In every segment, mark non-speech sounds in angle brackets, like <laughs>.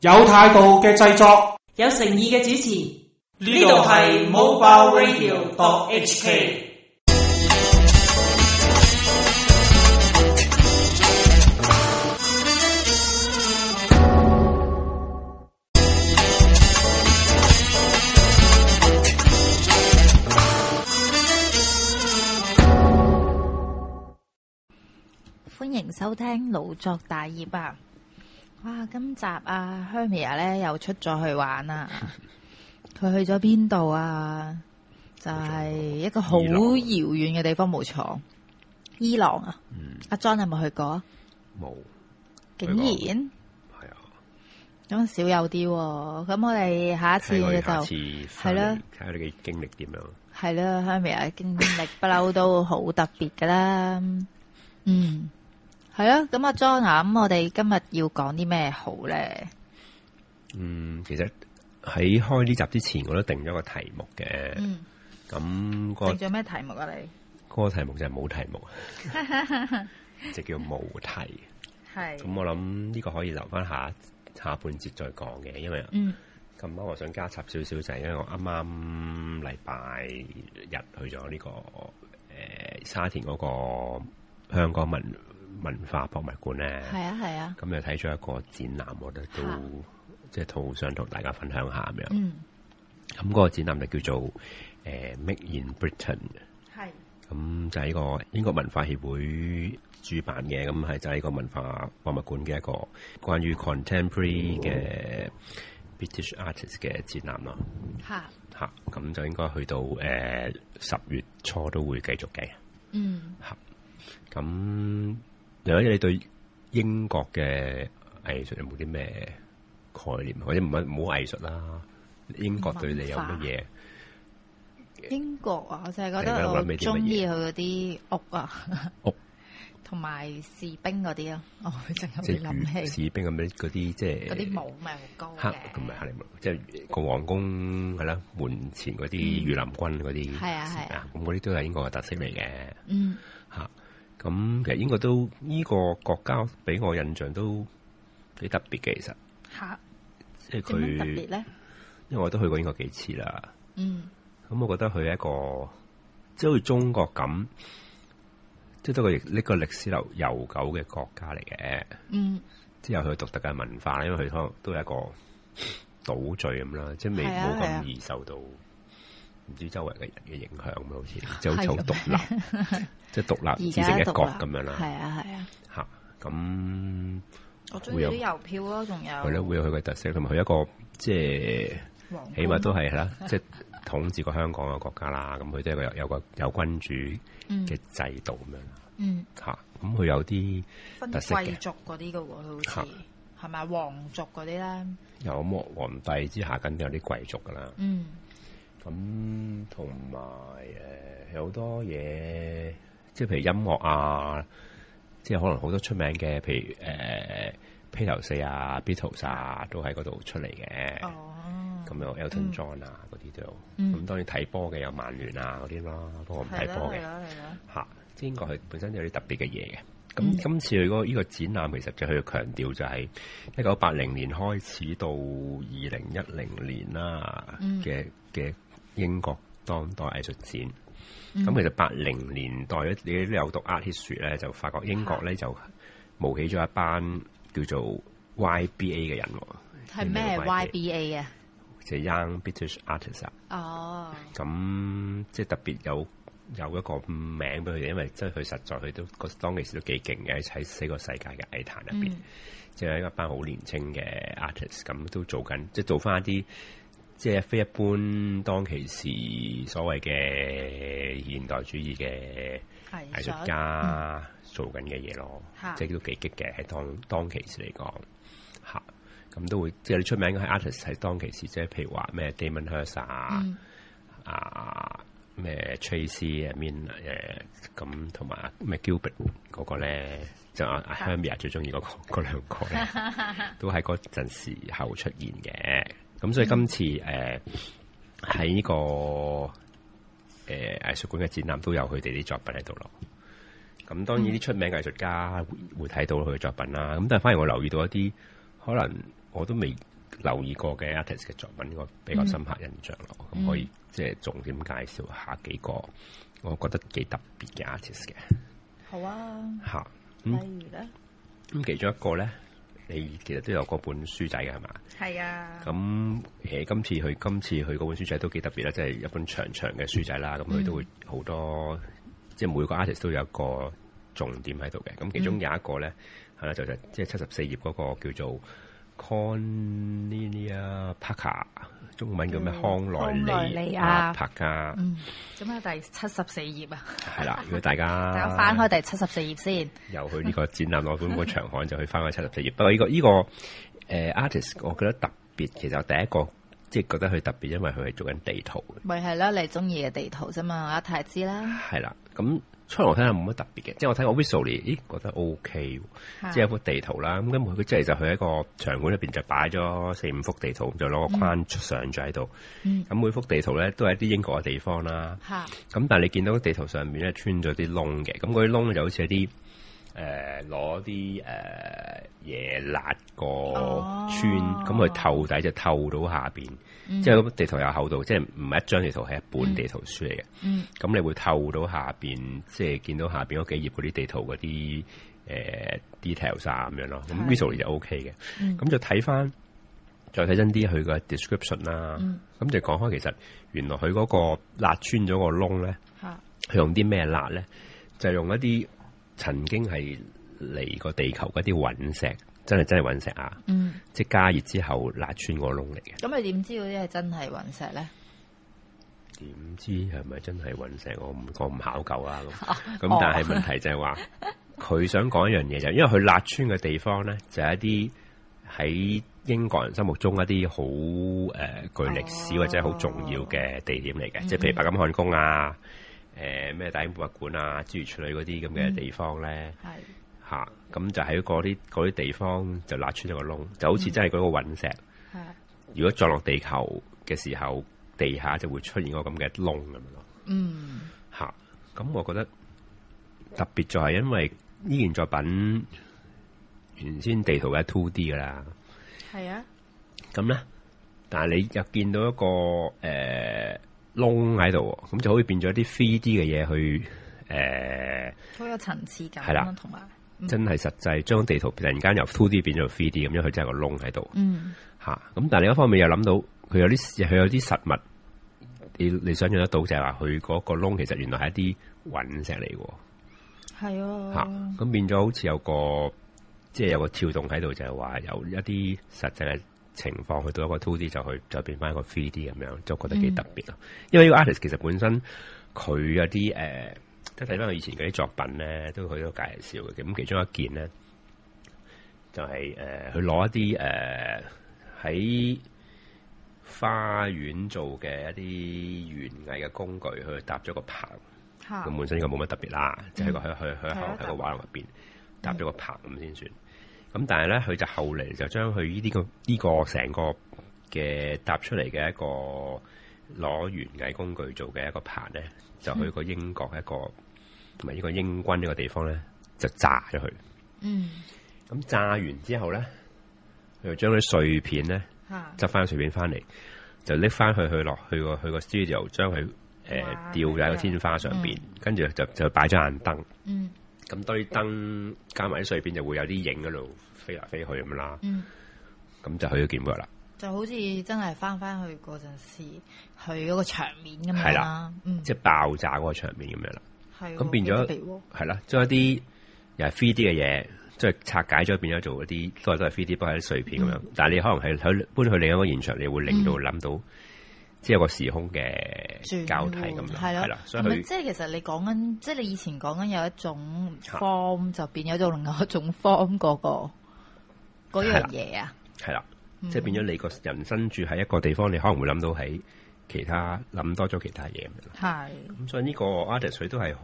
有態度嘅製作，有誠意嘅主持，呢度係 Mobile Radio HK。歡迎收聽《腦作大業》啊！哇，今集啊，Hermia 咧又出咗去玩啊，佢 <laughs> 去咗邊度啊？就係、是、一個好遙遠嘅地方，冇錯， <noise> 伊朗啊！朗啊嗯、阿 John 有冇去過啊？冇，竟然係啊！咁少有啲、啊，咁我哋下一次就係啦，睇下你嘅、啊、經歷點樣。係啦 Hermia 嘅經歷不嬲都好特別噶啦，嗯。係啊，咁阿莊啊，咁我哋今日要講啲咩好咧？嗯，其實喺開呢集之前，我都定咗個題目嘅。嗯、咁、那個、定咗咩題目啊你？你、那、嗰個題目就係冇題目啊，即 <laughs> 叫冇題。係咁，我諗呢個可以留翻下下半節再講嘅，因為琴晚、嗯、我想加插少少，就係、是、因為我啱啱禮拜日去咗呢、這個誒、呃、沙田嗰個香港文。文化博物館咧，係啊係啊，咁、啊、又睇咗一個展覽，我覺得都、啊、即係想同大家分享下咁樣。嗯，咁個展覽就叫做誒、呃、Made in Britain。係，咁就係呢個英國文化協會主辦嘅，咁係就係呢個文化博物館嘅一個關於 contemporary 嘅 British artist 嘅展覽咯。嚇、嗯、嚇，咁、啊、就應該去到誒十、呃、月初都會繼續計。嗯，嚇咁、啊。你對英國嘅藝術有冇啲咩概念？或者唔好唔好藝術啦，英國對你有乜嘢？啊、英國啊，我就係覺得我中意佢嗰啲屋啊，屋同埋士兵嗰啲咯。哦，即係御林士兵咁嗰啲，即係嗰啲帽咪好高。黑同即係個皇宮係啦，門前嗰啲御林軍嗰啲，係啊係啊，咁嗰啲都係英國嘅特色嚟嘅。嗯，吓。咁、嗯、其實英國都呢、這個國家俾我印象都幾特別嘅，其實吓、啊。即係佢。點樣特別咧？因為我都去過英國幾次啦。嗯。咁、嗯、我覺得佢係一個即係好似中國咁，即係都係亦呢個歷史流悠久嘅國家嚟嘅。嗯。之後佢獨特嘅文化，因為佢可能都係一個島嶼咁啦，即係未冇咁易受到。唔知周圍嘅人嘅影響咁，好似就好似獨立，是即係獨立自成一國咁樣啦。係啊，係啊。吓咁、啊啊，會有郵票咯，仲有係咯、啊，會有佢嘅特色，同埋佢一個即係、嗯、起碼都係啦，即係、啊嗯就是、統治個香港嘅國家啦。咁佢即係一有個有，有，有君主嘅制度咁樣。嗯。吓、啊，咁佢有啲貴族嗰啲嘅喎，佢好似係咪皇族嗰啲咧？有咁皇帝之下，肯定有啲貴族嘅啦。嗯。咁同埋誒有好、呃、多嘢，即係譬如音樂啊，即係可能好多出名嘅，譬如誒披頭四啊、Beatles 啊，都喺嗰度出嚟嘅。哦，咁有 Elton John 啊嗰啲都有。嗯。咁、嗯嗯、當然睇波嘅有曼聯啊嗰啲啦，不過唔睇波嘅即英國佢本身有啲特別嘅嘢嘅。咁、嗯、今次佢嗰個依個展覽其實就去強調就係一九八零年開始到二零一零年啦嘅嘅。嗯英國當代藝術展，咁、嗯、其實八零年代咧，你都有讀 art 史咧，就發覺英國咧就冒起咗一班叫做 YBA 嘅人，係咩 YBA 啊、哦？就 Young British Artist 哦。咁即係特別有有一個名俾佢哋，因為即係佢實在佢都個當其時都幾勁嘅喺喺呢個世界嘅藝壇入邊、嗯，就係、是、一班好年輕嘅 artist，咁都做緊即係做翻一啲。即係非一般當其時所謂嘅現代主義嘅藝術家做緊嘅嘢咯，即係都幾激嘅，當當其時嚟講吓咁都會即係你出名嘅 artist 係當其時，即係譬如話咩 Damien Hirst 啊、嗯、啊咩 Tracey I mean, 啊 Emin，咁，同埋咩 Gilbert 嗰個咧，就阿 Hermia 最中意嗰個嗰兩個、啊、都喺嗰陣時候出現嘅。咁所以今次誒喺呢個誒、呃、藝術館嘅展覽都有佢哋啲作品喺度咯。咁當然啲出名藝術家會睇、嗯、到佢嘅作品啦。咁但係反而我留意到一啲可能我都未留意過嘅 artist 嘅作品，我、呢個、比較深刻印象咯。咁、嗯、可以即係重點介紹下幾個我覺得幾特別嘅 artist 嘅。好啊。嚇、嗯，咁例如咧，咁其中一個咧。你其實都有嗰本書仔嘅係嘛？係啊。咁誒，今次去今次去嗰本書仔都幾特別啦，即、就、係、是、一本長長嘅書仔啦。咁、嗯、佢都會好多，即係每個 artist 都有一個重點喺度嘅。咁其中有一個咧，係、嗯、啦，就係即係七十四頁嗰、那個叫做 Cornelia Parker。中文叫咩？康奈利亞啊，柏嘉。咁、嗯、啊，第七十四頁啊，係啦，如果大家等 <laughs> 翻開第七十四頁先，又去呢個展覽攞本個長刊就去翻開七十四頁。 <laughs> 不過呢、這個呢、這個誒 artist，、呃、 <music> 我覺得特別，其實我第一個即係、就是、覺得佢特別，因為佢係做緊地圖嘅。咪係啦，你中意嘅地圖啫嘛，我一睇就知啦。係啦，咁、嗯。出嚟睇下冇乜特別嘅，即係我睇個 visuality 咦覺得 OK，即係一幅地圖啦。咁咁佢即係就去一個場館入邊，就擺咗四五幅地圖，就攞個框出上咗喺度。咁、嗯、每幅地圖咧都係一啲英國嘅地方啦。咁但係你見到地圖上面咧穿咗啲窿嘅，咁嗰啲窿就好似一啲誒攞啲誒嘢辣過穿，咁、哦、佢透底就透到下邊。嗯、即係個地圖有厚度，即係唔係一張地圖係一本地圖書嚟嘅。咁、嗯嗯、你會透到下邊，即係見到下邊嗰幾頁嗰啲地圖嗰啲誒 details 曬咁樣咯。咁 visual 就 OK 嘅。咁、嗯、就睇翻，再睇真啲佢個 description 啦。咁、嗯、就講開，其實原來佢嗰個辣穿咗個窿咧，吓、佢用啲咩辣咧？就係、用一啲曾經係嚟過地球嗰啲隕石。真係真係隕石啊！嗯、即係加熱之後，辣穿個窿嚟嘅。咁、嗯、你點知嗰啲係真係隕石咧？點知係咪真係隕石？我唔我唔考究啊！咁、啊、咁、啊，但係問題就係話，佢、哦、想講一樣嘢， <laughs> 就因為佢辣穿嘅地方咧，就係一啲喺英國人心目中一啲好誒具歷史或者好重要嘅地點嚟嘅、哦，即係譬如白金漢宮啊、誒、嗯、咩、呃、大英博物館啊、諸如此類嗰啲咁嘅地方咧。係、嗯。吓、啊，咁就喺嗰啲嗰啲地方就勒出咗個窿，就好似真係嗰個隕石。嗯、如果撞落地球嘅時候，地下就會出現個咁嘅窿咁咯。嗯。咁、啊、我覺得特別就係因為呢件作品原先地圖係 two D 噶啦。係啊。咁咧，但係你又見到一個呃、窿喺度，咁、呃、就可以變咗啲 three D 嘅嘢去誒。好、呃、有層次感。係啦，同埋。嗯、真係實際將地圖突然間由 two D 變咗 three D 咁樣，佢真係個窿喺度。嗯、吓、啊、咁，但係另一方面又諗到佢有啲，佢有啲實物，你你想象得到就係話佢嗰個窿其實原來係一啲隕石嚟嘅。係、嗯、啊、吓、啊、咁變咗好似有個，即、就、係、是、有個跳動喺度，就係話有一啲實際嘅情況去到一個 two D 就去再變翻一個 three D 咁樣，就覺得幾特別咯、嗯。因為呢個 artist 其實本身佢有啲誒。呃睇翻佢以前嗰啲作品咧，都好多介紹嘅。咁其中一件咧，就係誒佢攞一啲誒喺花園做嘅一啲園藝嘅工具，去搭咗個棚。咁、啊、本身應該冇乜特別啦、嗯，就喺個喺喺喺個畫廊入邊搭咗個棚咁先算。咁、嗯、但係咧，佢就後嚟就將佢呢啲個依、呢個成個嘅搭出嚟嘅一個攞園藝工具做嘅一個棚咧，就去個英國一個。嗯同埋呢個英軍呢個地方咧，就炸咗佢。嗯，咁炸完之後咧、啊，佢就將啲碎片咧，執翻碎片翻嚟，就拎翻去去落去個去個 studio 就將佢誒吊喺個天花上邊，跟住就就擺咗盞燈。嗯，咁堆燈加埋啲碎片，就會有啲影喺度飛來飛去咁啦。嗯，咁就去咗見佢啦。就好似真係翻翻去嗰陣時，去嗰個場面咁樣啦、嗯。即係爆炸嗰個場面咁樣啦。咁變咗，係啦，將、就是、一啲又係 three D 嘅嘢，即、就、係、是、拆解咗，變咗做一啲，都係都係 three D，不過係啲碎片咁樣、嗯。但你可能係喺搬去另一個現場，你會令到諗到，即、嗯、係個時空嘅交替咁樣，係啦。咁即係其實你講緊，即、就、係、是、你以前講緊有一種 form，就變咗做另外一種 form 嗰、那個嗰樣嘢啊。係啦、嗯，即係變咗你個人身住喺一個地方，你可能會諗到喺。其他，諗多咗其他嘢，咁係咁，所以呢個 artist 佢都係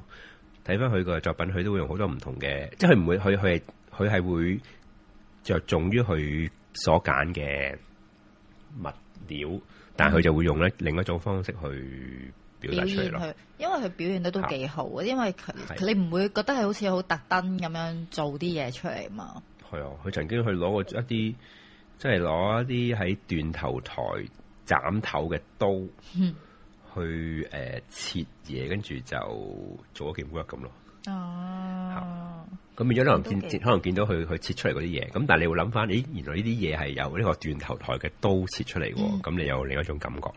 睇翻佢個作品，佢都會用好多唔同嘅，即係佢唔會，佢佢佢係會着重於佢所揀嘅物料，但係佢就會用咧另一種方式去表達出嚟，表現佢，因為佢表現得都幾好，因為佢你唔會覺得係好似好特登咁樣做啲嘢出嚟嘛。係啊，佢曾經去攞過一啲，即係攞一啲喺斷頭台。斬頭嘅刀去誒、嗯呃、切嘢，跟住就做一件 work 咁咯。哦，咁變咗可能見，可能見到佢佢切出嚟嗰啲嘢。咁但係你會諗翻，咦，原來呢啲嘢係由呢個斷頭台嘅刀切出嚟，咁、嗯、你有另一種感覺咯。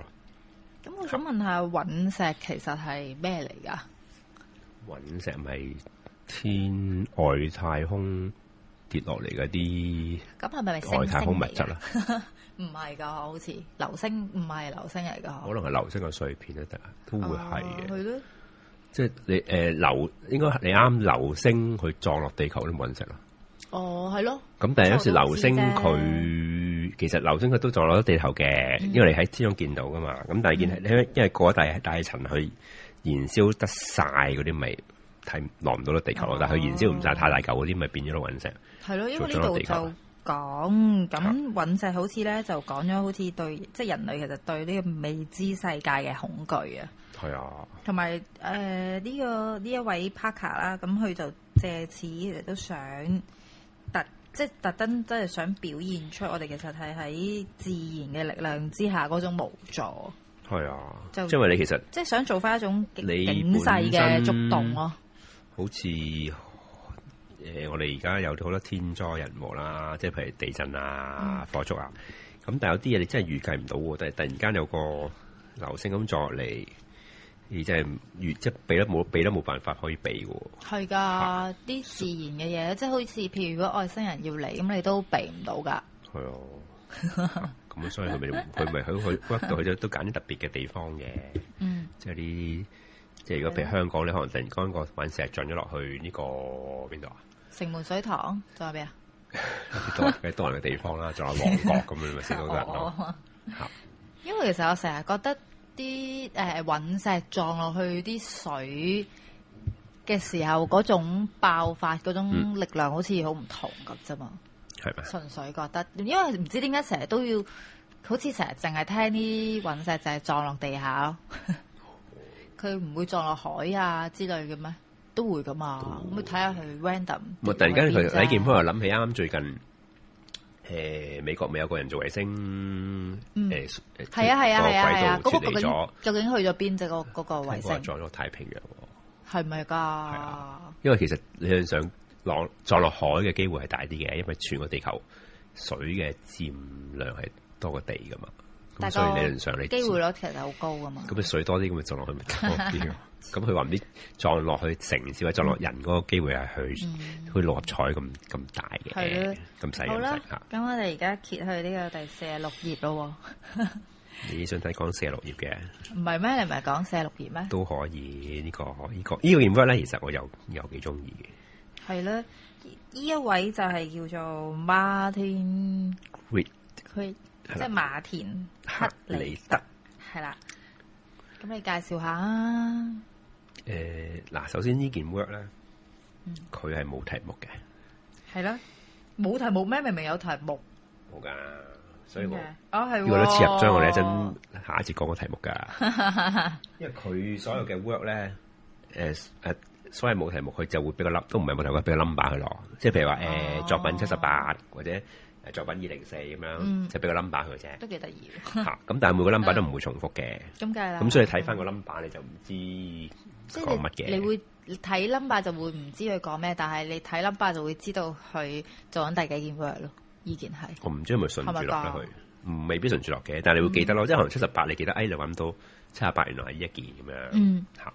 咁、嗯、我想問下，隕、嗯、石其實係咩嚟噶？隕石咪天外太空跌落嚟嗰啲，咁係咪咪外太空物質啊？唔係噶，好似流星唔係流星嚟噶，可能係流星嘅碎片都得啊，都會係嘅。係咯，即係你誒、呃、流，應該你啱流星去撞落地球都隕石啦。哦、啊，係咯。咁但係有時流星佢其實流星佢都撞落咗地球嘅、嗯，因為你喺天中見到噶嘛。咁但係見因為過咗大大層去燃燒得晒嗰啲，咪睇落唔到落地球咯。但係佢燃燒唔晒太大舊嗰啲，咪變咗落隕石。係咯，因為呢度地球。啊講咁隕石好似咧就講咗好似對即係、就是、人類其實對呢個未知世界嘅恐懼啊，係啊，同埋誒呢個呢一位 Parker 啦，咁佢就借此其實都想特即係、就是、特登真係想表現出我哋其實係喺自然嘅力量之下嗰種無助，係啊，就因為你其實即係、就是、想做翻一種警世嘅觸動咯、啊，好似。誒，我哋而家有好多天災人禍啦，即係譬如地震啊、火燭啊，咁但係有啲嘢你真係預計唔到，但係突然間有個流星咁撞落嚟，你真係預即係避得冇避得冇辦法可以避嘅。係㗎，啲自然嘅嘢、啊，即係好似譬如，如果外星人要嚟，咁你都避唔到㗎。係 <laughs> 啊，咁所以佢咪佢咪去去屈度去都揀啲特別嘅地方嘅、嗯。即係啲即係如果譬如香港係你可能突然間個隕石撞咗落去呢、呢個邊度啊？城門水塘，仲有咩啊？多 <laughs> 啲多人嘅地方啦，仲有旺角咁樣咪先都得咯。 <laughs> 因為其實我成日覺得啲誒隕石撞落去啲水嘅時候，嗰種爆發嗰種力量好似好唔同咁啫嘛。係、嗯、純粹覺得，因為唔知點解成日都要，好似成日淨係聽啲隕石就係撞落地下咯。佢唔會撞落海啊之類嘅咩？都會噶嘛，咁你睇下佢。random。突然間佢李建波又諗起啱啱最近，誒、呃、美國未有個人做衛星，誒係啊係啊係啊係啊，個究竟、啊啊啊啊那個那個、去咗邊？即係嗰嗰個衛、那個、星撞咗太平洋，係咪噶？因為其實理論上落撞落海嘅機會係大啲嘅，因為全個地球水嘅佔量係多過地噶嘛，咁所以理論上你機會率其實好高噶嘛。咁啊水多啲咁咪撞落去咪多啲。 <laughs> 咁佢話唔知撞落去城市，或、嗯、者撞落人嗰個機會係去、嗯、去六合彩咁咁、嗯、大嘅，咁細嘅吓。咁我哋而家揭去呢個第頁 <laughs> 四十六頁咯。你想睇講四十六頁嘅？唔係咩？你唔係講四十六頁咩？都可以呢、這個呢、這個呢、這個 involve 咧，其實我又又幾中意嘅。係啦，呢一位就係叫做 Martin Creed 佢即係馬田克里德，係啦。咁你介紹下啊？誒，嗱，首先呢件 work 咧，佢係冇題目嘅，係啦，冇題目咩？明明有題目，冇噶，所以我、okay. 哦係、哦，如果都切入將我哋一陣下一節講個題目噶， <laughs> 因為佢所有嘅 work 咧，誒、呃、誒，所謂冇題目，佢就會俾個粒，都唔係冇題目，俾個 number 去攞，即係譬如話誒、呃啊、作品七十八或者。作品二零四咁樣，嗯、就俾個 number 佢啫，都幾得意。吓、啊，咁但係每個 number 都唔會重複嘅，咁梗啦。咁、嗯、所以睇翻個 number，你就唔知講乜嘢。你會睇 number 就會唔知佢講咩，但係你睇 number 就會知道佢做緊第幾件 work 咯。依件係。我唔知係咪順住落去，唔未必順住落嘅，但係你會記得咯。即、嗯、係可能七十八，你記得 A 就揾到七十八，原來係一件咁樣。嗯。吓、啊。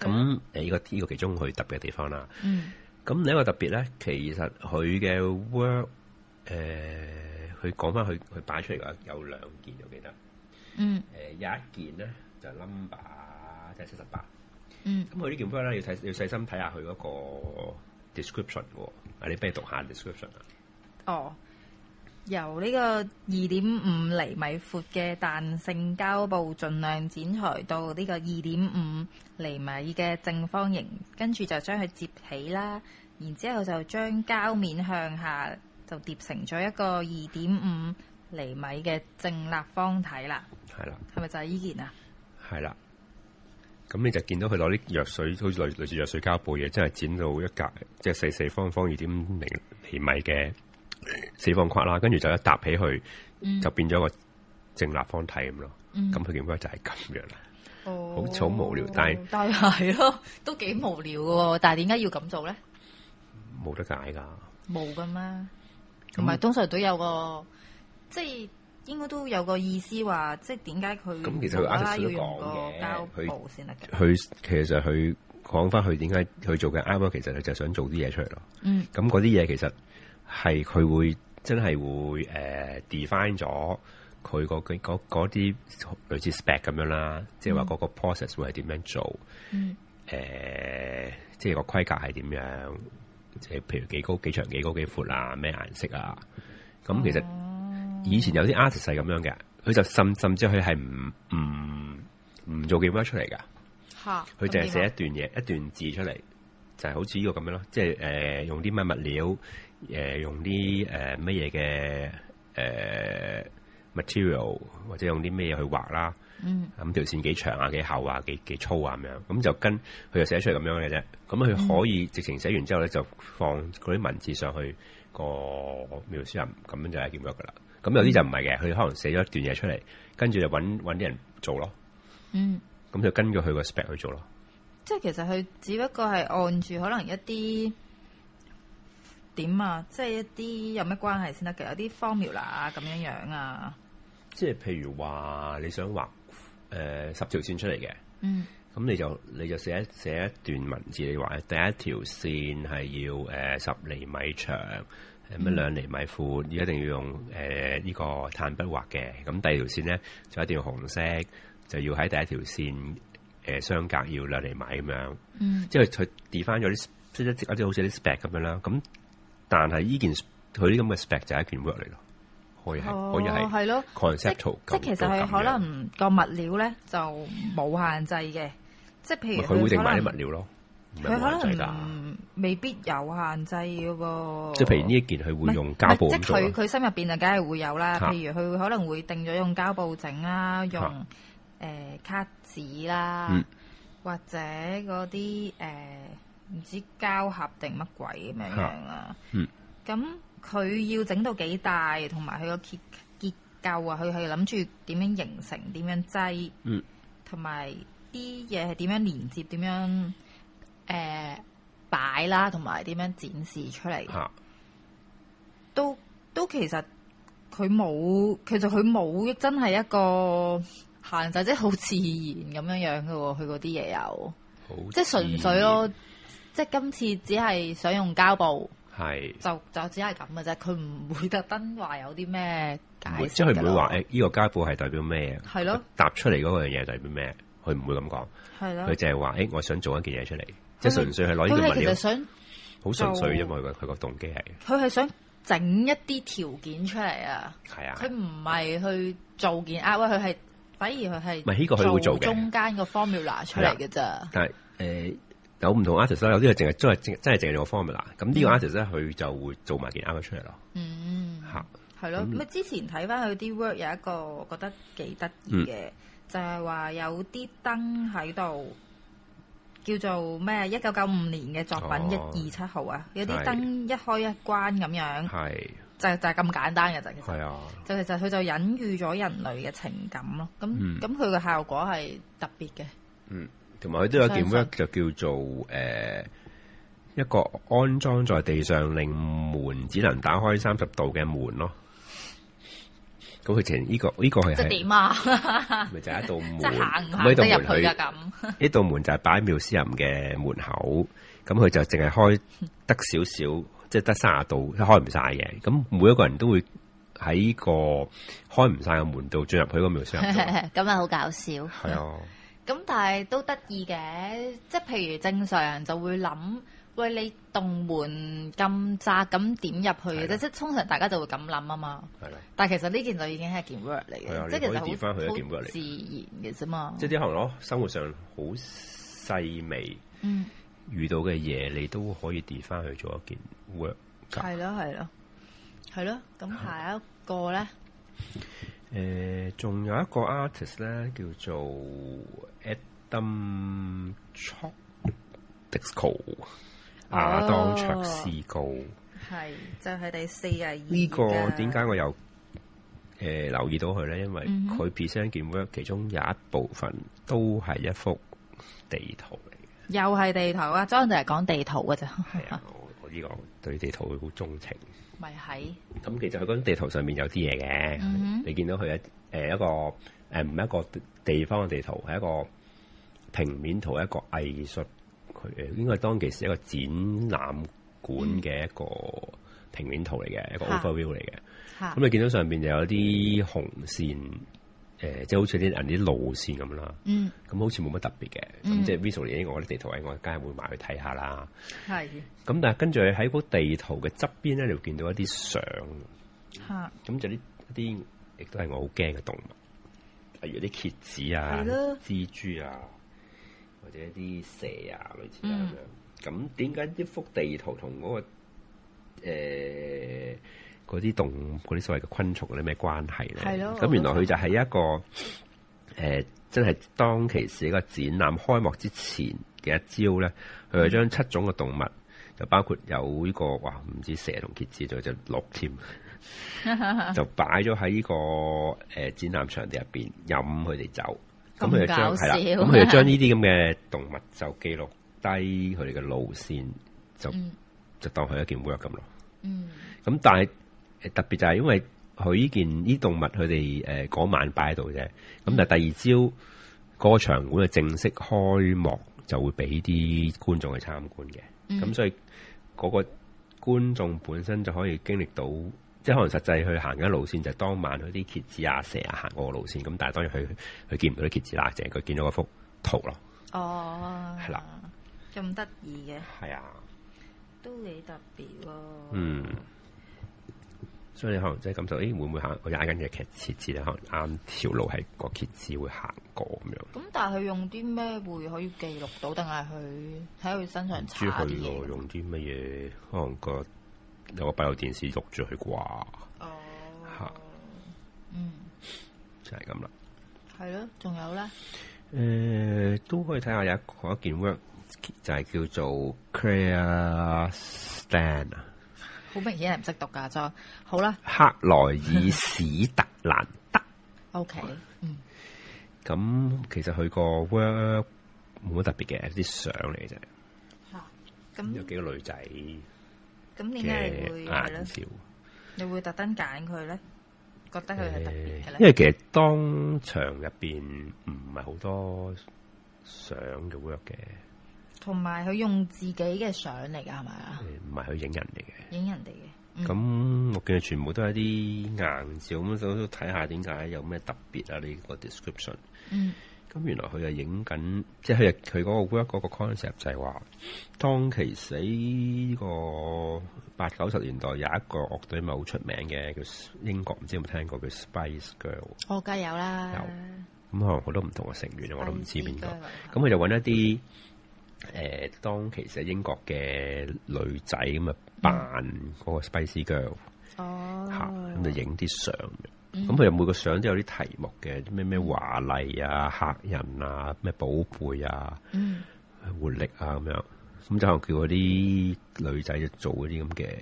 咁誒，依個依個其中佢特別嘅地方啦。嗯。咁另一個特別咧，其實佢嘅 work。誒、呃，佢講翻佢佢擺出嚟嘅話有兩件，我記得。嗯，誒、呃、有一件咧就是、number 即係七十八。嗯，咁佢呢件貨咧要睇要細心睇下佢嗰個 description、嗯。阿你不如讀下 description 啊。哦，由呢個二點五釐米闊嘅彈性膠布，儘量剪裁到呢個二點五釐米嘅正方形，跟住就將佢摺起啦。然之後就將膠面向下。就疊成咗一個二點五厘米嘅正立方體啦。係啦，係咪就係依件啊？係啦，咁你就見到佢攞啲藥水，好似類類似藥水膠布嘢，真係剪到一格，即係四四方方二點零厘米嘅四方框啦。跟住就一搭起去，嗯、就變咗個正立方體咁咯。咁佢點解就係咁樣啦。哦、嗯，好似好無聊，哦、但係但係咯，都幾無聊嘅喎。但係點解要咁做咧？冇得解㗎，冇㗎咩？同、嗯、埋，通常都有個，即係應該都有個意思話，即係點解佢？咁其實啱先講嘅，佢其實佢講翻佢點解佢做嘅啱啊！其實佢就想做啲嘢出嚟咯。嗯，咁嗰啲嘢其實係佢會真係會 define 咗佢個嗰啲類似 spec 咁樣啦，即係話嗰個 process 會係點樣做？嗯，呃、即係個規格係點樣？即係譬如幾高幾長幾高幾闊啊？咩顏色啊？咁其實以前有啲 artist 係咁樣嘅，佢就甚甚至佢係唔唔唔做幾幅出嚟噶，佢淨係寫一段嘢一段字出嚟，就係、是、好似呢個咁樣咯。即係誒、呃、用啲咩物料誒、呃、用啲誒乜嘢嘅誒 material 或者用啲咩嘢去畫啦。嗯，咁條線幾長啊，幾厚啊，幾幾粗啊咁樣，咁就跟佢就寫出嚟咁樣嘅啫。咁佢可以直情寫完之後咧，就放嗰啲文字上去、個描述人，咁樣就係點樣噶啦。咁有啲就唔係嘅，佢可能寫咗一段嘢出嚟，跟住就搵搵啲人做咯。嗯，咁就根據佢個 spec 去做咯、嗯。即係其實佢只不過係按住可能一啲點啊，即、就、係、是、一啲有咩關係先得嘅，有啲 formula 啦咁樣樣啊。即係譬如話你想畫。誒、呃、十條線出嚟嘅，咁、嗯、你就你就寫一寫一段文字，你話第一條線係要、呃、十厘米長，乜、呃、兩厘米闊，嗯、一定要用誒呢、呃這個碳筆畫嘅。咁第二條線咧就一定要紅色，就要喺第一條線誒、呃、相隔要兩厘米咁樣。嗯，即係佢 define 咗啲，即係一隻好似啲 spec 咁樣啦。咁但係呢件佢啲咁嘅 spec 就係一件 work 嚟咯。哦，係咯，conceptual，即係其實佢可能個物料咧就冇限制嘅，即係譬如佢會定買啲物料囉，佢可能未必有限制嘅喎。即係譬如呢一件佢會用膠布咁做。即係佢佢心入邊就，梗係會有啦。譬如佢可能會定咗用膠布整啦，用誒卡紙啦，或者嗰啲誒唔知膠盒定乜鬼咁樣樣啊。嗯，咁。佢要整到幾大，同埋佢個結結構啊，佢係諗住點樣形成，點樣製，嗯，同埋啲嘢係點樣連接，點樣誒、呃、擺啦，同埋點樣展示出嚟，啊、都都其實佢冇，其實佢冇真係一個限制，即係好自然咁樣樣嘅喎，佢嗰啲嘢有，即係純粹咯，即係今次只係想用膠布。就就只係咁嘅啫，佢唔會特登話有啲咩解釋，即係佢唔會話誒，呢個家步係代表咩？係咯，答出嚟嗰樣嘢代表咩？佢唔會咁講。係咯，佢淨係話誒，我想做一件嘢出嚟，即係純粹係攞啲物料。佢就想好純粹，因為佢個個動機係。佢係想整一啲條件出嚟啊！係啊，佢唔係去做件啊！喂，佢係反而佢係做中間個 formula 出嚟嘅咋但係有唔同 artist 咧，有啲係淨係即係真係淨係用個 formula 啦。咁呢個 artist 咧，佢就會做埋件 out 出嚟咯。嗯，吓係咯。咁啊、嗯，之前睇翻佢啲 work 有一個覺得幾得意嘅，就係、是、話有啲燈喺度叫做咩？一九九五年嘅作品一二七號啊，有啲燈一開一關咁樣，係就就係咁簡單嘅就是，其、嗯、實就其實佢就隱喻咗人類嘅情感咯。咁咁佢嘅效果係特別嘅。嗯。同埋佢都有件 work 就叫做誒、呃、一個安裝在地上令門只能打開三十度嘅門咯。咁佢前呢個呢、這個係即係點啊？咪 <laughs> 就係一道門，咪一道門入去噶咁。呢 <laughs> 道門就係擺喺 museum 嘅門口，咁佢就淨係開得少少， <laughs> 即係得卅度開唔晒嘅。咁每一個人都會喺個開唔晒嘅門度進入去個 museum。咁啊好搞笑，係啊。咁但係都得意嘅，即係譬如正常人就會諗，喂，你洞門咁窄，咁點入去嘅？即即通常大家就會咁諗啊嘛。係啦。但係其實呢件就已經係一件 work 嚟嘅，即係其實調翻去一件 work 嚟嘅，好自然嘅啫嘛。即係啲行咯，生活上好細微，嗯、遇到嘅嘢你都可以調翻去做一件 work。係咯係咯係咯，咁下一個咧？ <laughs> 誒、呃，仲有一個 artist 咧，叫做 Adam Chok Disco 亞當卓士高，係就係第四日二。呢、這個點解我又誒、呃、留意到佢咧？因為佢 present work 其中有一部分都係一幅地圖嚟嘅，又係地圖啊！主要就係講地圖嘅咋，係 <laughs> 啊，我呢個對地圖會好鍾情。咪喺咁，其實佢嗰張地圖上面有啲嘢嘅，你見到佢一誒一個誒唔係，一個地方嘅地圖，係一個平面圖，一個藝術佢應該係當其時一個展覽館嘅一個平面圖嚟嘅、嗯，一個 overview 嚟嘅。咁、啊、你見到上面又有啲紅線。誒、呃，即係好似啲人啲路線咁、嗯嗯、啦，咁好似冇乜特別嘅，咁即係 visual 嚟嘅。我啲地圖喺我梗係會埋去睇下啦。係。咁但係跟住喺嗰地圖嘅側邊咧，你會見到一啲相。嚇、嗯！咁就啲一啲，一啲亦都係我好驚嘅動物，例如啲蠍子啊、嗯、蜘蛛啊，或者一啲蛇啊類似咁樣。咁點解一幅地圖同嗰、嗰個、呃嗰啲動嗰啲所謂嘅昆蟲嗰啲咩關係咧？係咯。咁原來佢就係一個誒、呃，真係當其時一個展覽開幕之前嘅一招咧，佢、嗯、就將七種嘅動物，就包括有呢個哇，唔知蛇同蠍子， <laughs> 仲有隻鹿添，就擺咗喺呢個誒展覽場地入邊，引佢哋走。咁佢就將係啦，咁佢就將呢啲咁嘅動物就記錄低佢哋嘅路線，就就當佢一件 work 咁咯。嗯。咁、嗯、但係。特別就係因為佢呢件啲動物佢哋誒嗰晚擺喺度啫，咁、嗯、但係第二朝、嗰個場館就正式開幕就會俾啲觀眾去參觀嘅，咁、嗯、所以嗰個觀眾本身就可以經歷到，嗯、即係可能實際去行緊路線就係當晚佢啲蠍子啊蛇啊行過個路線，咁但係當然佢佢見唔到啲蠍子啊蛇，淨係佢見到個幅圖咯。哦，係啦，咁得意嘅，係啊，都幾特別咯。嗯。所以你可能即係感受，誒、欸、會唔會行？我踩緊嘅劇設置咧，可能啱條路係個蠍子會行過咁、嗯、樣。咁但係佢用啲咩會可以記錄到？定係佢喺佢身上查啲嘢？去咯，用啲乜嘢？可能、那個有個閉路電視錄住佢啩？哦，吓， <laughs> 嗯，就係咁啦。係咯，仲有咧？誒、呃，都可以睇下有一嗰一件 work 就係叫做 Clear Stand 啊。好明顯係唔識讀噶，就好啦。克萊爾史特蘭德，OK，嗯，咁其實佢個 work 冇乜特別嘅，係啲相嚟嘅啫。吓，咁有幾個女仔，咁點解會顏笑？你會特登揀佢咧？覺得佢係特別嘅咧？因為其實當場入邊唔係好多相嘅 work 嘅。同埋佢用自己嘅相嚟㗎，係咪啊？唔係佢影人哋嘅，影人哋嘅。咁、嗯、我見佢全部都係一啲硬照咁，我都睇下點解有咩特別啊？呢、這個 description。嗯。咁原來佢就影緊，即係佢嗰個 work 嗰個 concept 就係話，當其時個八九十年代有一個樂隊咪好出名嘅，叫英國唔知有冇聽過？叫 Spice Girl。我梗有啦。有。咁可能好多唔同嘅成員，Spice、我都唔知邊個。咁佢就揾一啲。誒、呃，當其實英國嘅女仔咁啊，扮個 Spice Girl，哦吓咁就影啲相。咁佢又每個相都有啲題目嘅，咩咩華麗啊、嚇人啊、咩寶貝啊、嗯、活力啊咁樣。咁、嗯、就可能叫啲女仔就做啲咁嘅，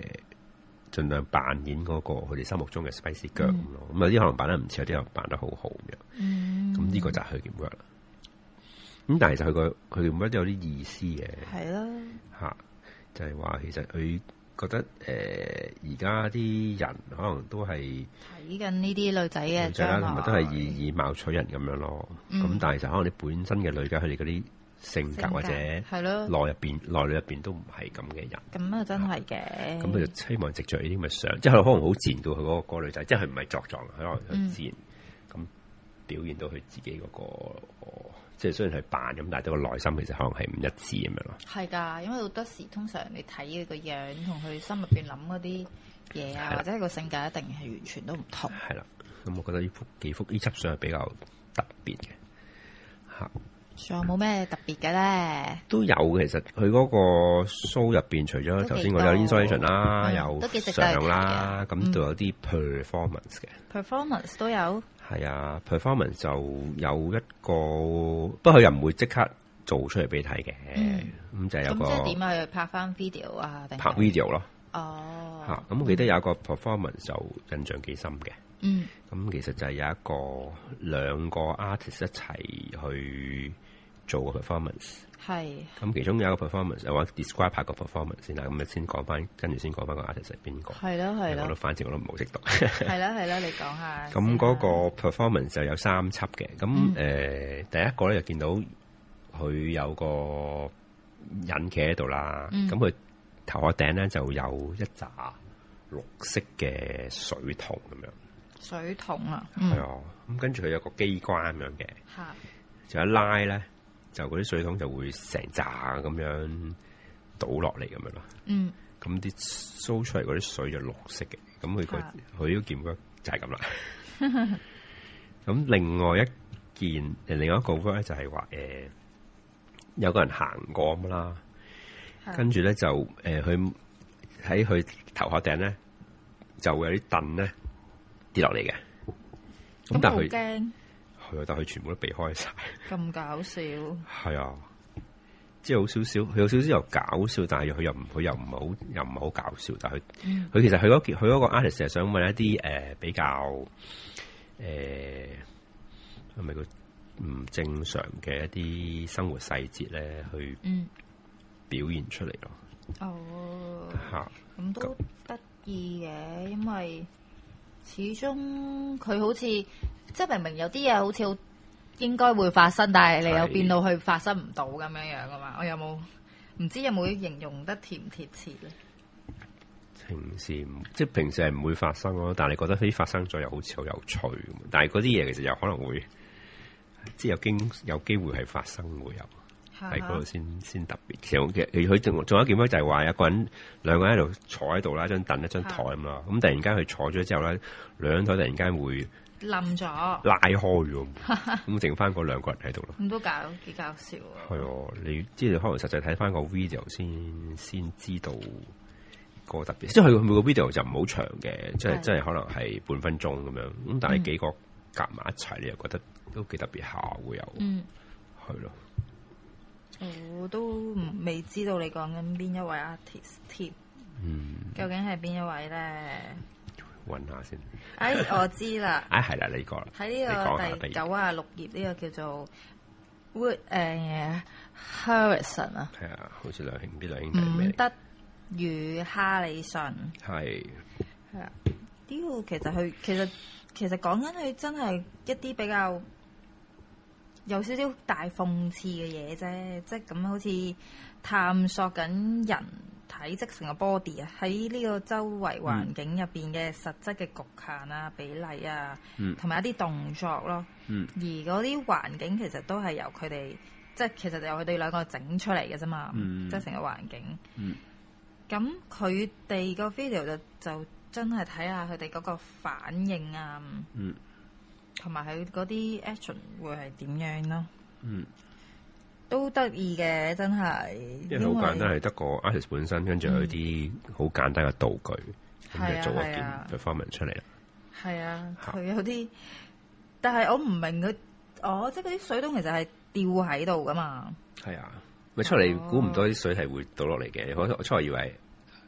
盡量扮演嗰個佢哋心目中嘅 Spice Girl 咯。咁、嗯嗯嗯、有啲可能扮得唔似，有啲又扮得好好咁、嗯、樣。咁呢個就係佢點樣啦？嗯嗯咁但係就佢個佢唔乜有啲意思嘅，係咯，吓就係、是、話其實佢覺得誒而家啲人可能都係睇緊呢啲女仔嘅相，同埋都係以以貌取人咁樣咯。咁、嗯、但係就可能你本身嘅女仔佢哋嗰啲性格，性格或者係咯內入邊內裏入邊都唔係咁嘅人，咁啊真係嘅。咁佢就希望藉著呢啲咪相，即係可能好自然到佢嗰個個女仔，即係唔係作狀，可能佢自然咁、嗯、表現到佢自己嗰、那個。即係雖然係扮咁，但係都個內心其實可能係唔一致咁樣咯。係噶，因為好多時通常你睇佢個樣同佢心入邊諗嗰啲嘢啊，或者個性格一定係完全都唔同。係啦，咁我覺得呢幅幾幅呢輯相係比較特別嘅。吓，仲有冇咩特別嘅咧？都有嘅其實，佢嗰個 show 入邊，除咗頭先我有 installation 啦，嗯嗯、有用啦，咁都有啲 performance 嘅、嗯、performance 都有。係啊，performance 就有一個，不過佢又唔會即刻做出嚟俾你睇嘅，咁、嗯嗯、就係、有一個。咁、嗯、即係點去拍翻 video 啊，拍 video 咯。哦。咁、啊、我記得有一個 performance 就印象幾深嘅。嗯。咁、嗯嗯、其實就係有一個兩個 artist 一齊去做個 performance。係，咁其中有一個 performance，我 describe 下個 performance 先啦。咁你先講翻，跟住先講翻個 artist 係邊個？係咯係咯，我都反正我都唔好識讀。係啦係啦，你講下。咁嗰個 performance 就有三輯嘅。咁、嗯呃、第一個咧就見到佢有個引企喺度啦。咁、嗯、佢頭一頂頭殼頂咧就有一隻綠色嘅水桶咁樣。水桶啊。係啊，咁、嗯、跟住佢有個機關咁樣嘅，就一拉咧。就嗰啲水桶就會成渣咁樣倒落嚟咁樣咯。嗯，咁啲蘇出嚟嗰啲水就綠色嘅。咁佢個佢都見過，就係咁啦。咁 <laughs> 另外一件，另外一個咧就係話誒，有個人行過咁啦，跟住咧就誒佢喺佢頭殼頂咧就會有啲凳咧跌落嚟嘅。咁、嗯、但係。佢但佢全部都避開晒，咁搞笑。係 <laughs> 啊，即係好少少，佢有少少又搞笑，但係佢又唔佢又唔係好，又唔係好搞笑。但係佢佢其實佢嗰件佢個 artist 係想問一啲誒、呃、比較誒係咪個唔正常嘅一啲生活細節咧去、嗯、表現出嚟咯哦吓咁、啊、都得意嘅，因為。始終佢好似即係明明有啲嘢，好似好應該會發生，但係你又變到佢發生唔到咁樣樣噶嘛，我有冇唔知有冇形容得貼唔貼切咧？平時即係平時係唔會發生咯，但係你覺得啲發生咗又好似好有趣，但係嗰啲嘢其實又可能會即係有經有機會係發生會有。喺嗰度先先特別，其實佢仲仲有一件咩？就係話一個人兩個喺度坐喺度啦，張凳一張台咁咯。咁、嗯、突然間佢坐咗之後咧，兩台突然間會冧咗，拉開咗。咁剩翻嗰兩個人喺度咯。咁 <laughs> 都搞幾搞笑喎！係哦，你知道可能實際睇翻個 video 先先知道個特別，即係佢每個 video 就唔好長嘅，即係即係可能係半分鐘咁樣。咁但係幾個夾埋一齊，你又覺得都幾特別下會有，嗯，係咯。我都未知道你講緊邊一位 artist，嗯，究竟係邊一位咧？搵下先。哎，我知啦。 <laughs> 哎，係啦，你講啦。喺呢個第九啊六頁呢個叫做 Wood 誒、呃、Harrison 啊。係啊，好似兩兄啲兩兄弟咩？伍德與哈里遜。係。係啊，屌，其實佢其實其實講緊佢真係一啲比較。有少少大諷刺嘅嘢啫，即係咁好似探索緊人體即成個 body 啊，喺呢個周圍環境入邊嘅實質嘅局限啊、比例啊，嗯、同埋一啲動作咯。而嗰啲環境其實都係由佢哋，即係其實由佢哋兩個整出嚟嘅啫嘛，即係成個環境。咁佢哋個 video 就就真係睇下佢哋嗰個反應啊。嗯同埋佢嗰啲 action 會係點樣咯？嗯，都得意嘅，真係，因為好簡單係得個 artist 本身，跟住有啲好簡單嘅道具，咁、嗯、就做一件 performance 出嚟啦。係啊，佢、啊啊、有啲，但係我唔明佢，哦，即係嗰啲水桶其實係吊喺度噶嘛？係啊，咪出嚟估唔多啲水係會倒落嚟嘅。我出嚟以為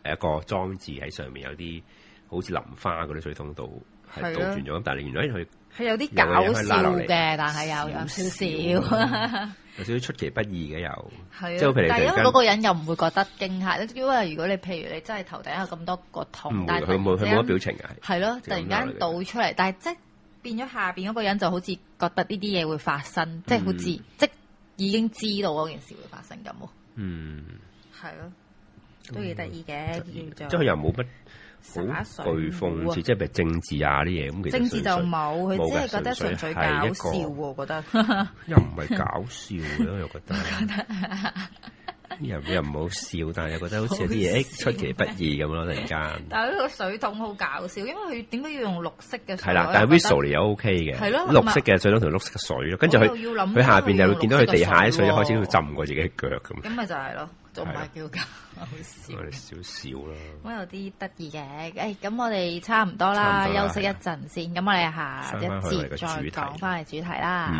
係一個裝置喺上面，有啲好似淋花嗰啲水桶度係倒轉咗、啊，但係原來佢。佢有啲搞笑嘅，但係又有少少，有少少，少，少， <laughs> 有少，少出其不意嘅又。啊，但係因為嗰個人又唔會覺得驚嚇，因為如果你譬如你真係頭頂有咁多個桶，唔會，佢冇，佢冇乜表情嘅。係咯，突然間倒出嚟，但係即係變咗下邊嗰個人就好似覺得呢啲嘢會發生，嗯、即係好似即已經知道嗰件事會發生咁。嗯，係咯，都幾得意嘅即佢又冇乜。好諷刺，即係譬如政治啊啲嘢咁。其實政治就冇，佢只係覺得純粹，粹搞笑喎，是 <laughs> 不是笑我覺得 <laughs> 又唔係搞笑咯，又覺得又又唔好笑，但係又覺得好似有啲嘢出其不意咁咯，突然間。但係佢個水桶好搞笑，因為佢點解要用綠色嘅？係啦，但係 visual 又 OK 嘅，係咯，綠色嘅水桶同綠色嘅水，跟住佢，佢下邊就會見到佢地下啲水開始要浸過自己腳咁。咁咪就係咯。我唔係叫搞笑的的， <laughs> 好笑我少少啦。 <laughs> 哎、我有啲得意嘅，誒，咁我哋差唔多啦，休息一陣先。咁我哋下一節再講翻嚟主題啦、嗯。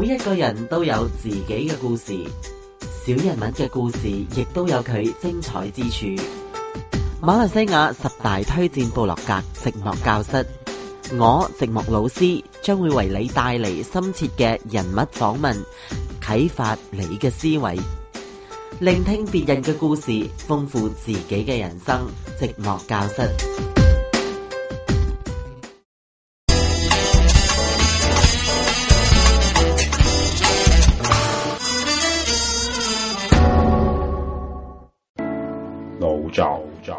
每一個人都有自己嘅故事。小人物嘅故事亦都有佢精彩之處。馬來西亞十大推薦部落格《寂寞教室》我，我寂寞老師將會為你帶嚟深切嘅人物訪問，啟發你嘅思維，聆聽別人嘅故事，豐富自己嘅人生。寂寞教室。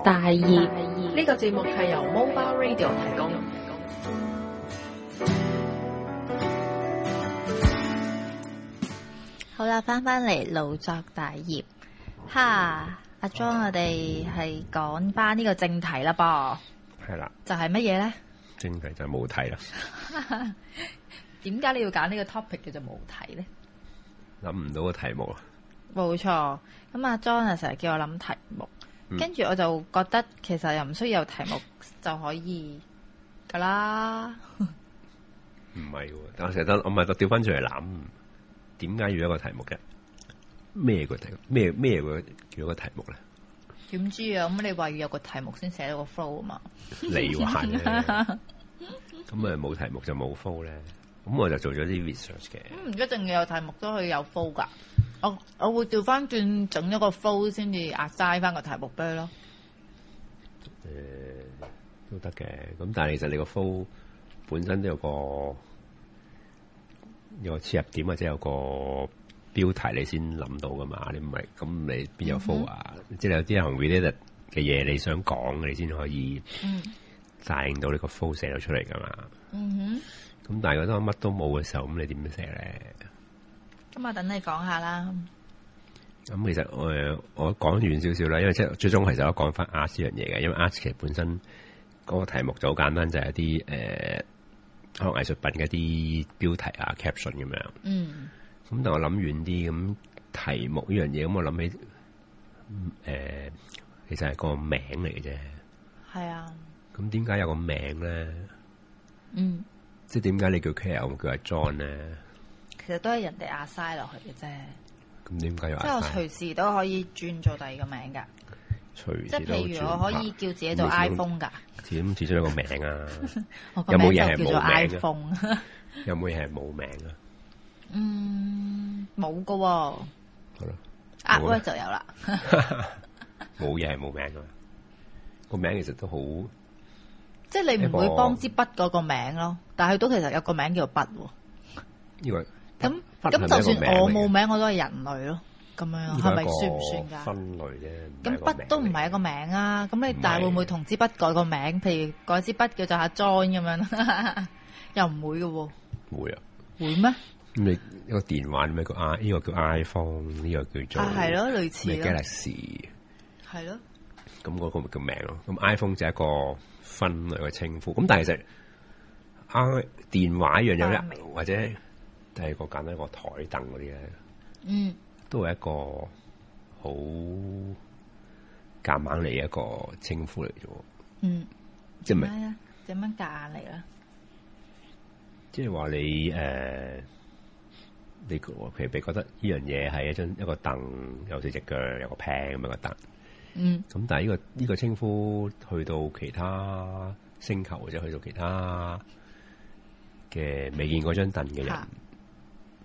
大二。呢、這個節目係由 Mobile Radio 提供。好、嗯、啦，翻翻嚟腦作大業，哈，阿、啊、John，、啊啊啊、我哋係講翻呢個正題啦噃。係、嗯、啦，就係乜嘢咧？正題就係無題啦。點 <laughs> 解你要揀呢個 topic 叫做無題咧？諗唔到個題目啊！冇錯，咁阿 John 成日叫我諗題目。跟、嗯、住我就覺得其實又唔需要有題目就可以㗎啦、嗯不是的，唔係，我成日得我咪得掉翻出嚟諗，點解要有一個題目嘅？咩個題目？咩咩個叫個題目咧？點知啊？咁你話要有個題目先寫到個 flow 啊嘛？你話咧？咁啊冇題目就冇 flow 咧？咁我就做咗啲 research 嘅。唔一定要有題目都可以有 flow 㗎。我我會調翻轉整一個 flow 先至壓晒翻個題目標咯、嗯。誒，都得嘅。咁但係其實你個 flow 本身都有個有個切入點或者有個標題你先諗到噶嘛？你唔係咁你邊有 flow 啊？即係有啲行 r 呢嘅嘢你想講，你先可以嗯，反到你個 flow 寫到出嚟噶嘛？嗯、哼。咁但係覺得乜都冇嘅時候，咁你點樣寫咧？咁啊，等你講下啦、嗯。咁其實誒，我講完少少啦，因為即係最終其實我講翻 s 呢樣嘢嘅，因為阿斯其實本身嗰個題目就好簡單，就係、是、一啲誒，可能藝術品嘅一啲標題啊、caption 咁樣。嗯。咁但我諗遠啲，咁題目呢樣嘢，咁、嗯、我諗起，誒、呃，其實係個名嚟嘅啫。係啊。咁點解有個名咧？嗯。即係點解你叫 c a r e 我叫 John 咧？其實都係人哋壓晒落去嘅啫，咁點解即係我隨時都可以轉做第二個名噶。即係譬如我可以叫自己做 iPhone 噶，點始終有個名啊？ <laughs> 我的名字叫做 iPhone。有冇嘢係冇名啊？有冇嘢係冇名啊？ <laughs> 嗯，冇噶、啊。好啦 Apple 就有啦。冇嘢係冇名噶，個名其實都好。即係你唔會幫支筆嗰個名咯，但係都其實有個名叫做筆。呢個。咁咁，就算我冇名，名，我都係人類咯。咁樣，係咪算唔算㗎？分類啫。咁筆都唔係一個名，一個名啊。咁你但係會唔會同支筆改個名？譬如改支筆叫做阿 John 咁樣 <laughs> 又唔會嘅喎。會啊。會咩？你一個電話咩個 i？呢個叫 iPhone，呢個叫做。啊，係咯，類似嘅。歷史，a 係咯。咁嗰個咪叫名咯。咁、嗰個、iPhone 就係一個分類嘅稱呼。咁但係其實啊電話一樣有咧，或者。係個簡單的一個台凳嗰啲咧，嗯，都係一個好夾硬嚟，一個稱呼嚟咗。嗯，即係點樣夾硬嚟啦？即係話你誒、呃，你其實你覺得呢樣嘢係一張一個凳，有四隻腳，有個平咁樣個凳。嗯，咁但係、呢、呢個呢、呢個稱呼去到其他星球或者去到其他嘅未見過張凳嘅人。嗯